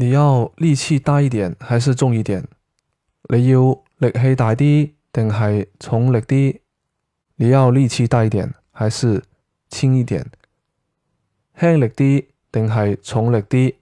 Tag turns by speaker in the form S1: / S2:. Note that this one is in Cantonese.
S1: 你要力氣大一點還是重一點？你要力氣大啲定係重力啲？你要力氣大一點還是輕一點？輕力啲定係
S2: 重力啲？